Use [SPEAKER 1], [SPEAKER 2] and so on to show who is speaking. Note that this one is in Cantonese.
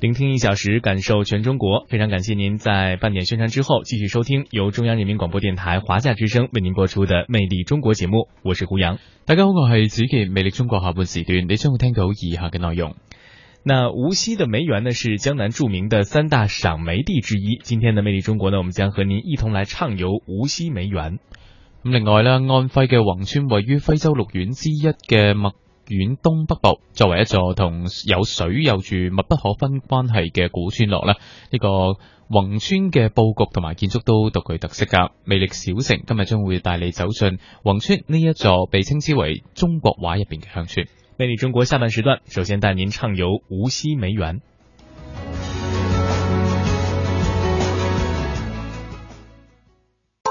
[SPEAKER 1] 聆聽一小時，感受全中國。非常感謝您在半點宣傳之後繼續收聽由中央人民廣播電台華夏之聲為您播出的《魅力中國》節目，我是胡楊。大家好，我是紫琪。《魅力中國》下半時段，你將會聽到以下嘅內容。那無錫的梅園呢，是江南著名的三大賞梅地之一。今天的《魅力中國》呢，我們將和您一同來暢遊無錫梅園。另外呢，安徽嘅黃村位於非洲六園之一嘅遠東北部作為一座同有水有住密不可分關係嘅古村落咧，呢、這個宏村嘅布局同埋建築都獨具特色噶。魅力小城今日將會帶你走進宏村，呢一座被稱之為中國畫入邊嘅鄉村。魅力中國下半時段，首先帶您暢遊無錫梅園。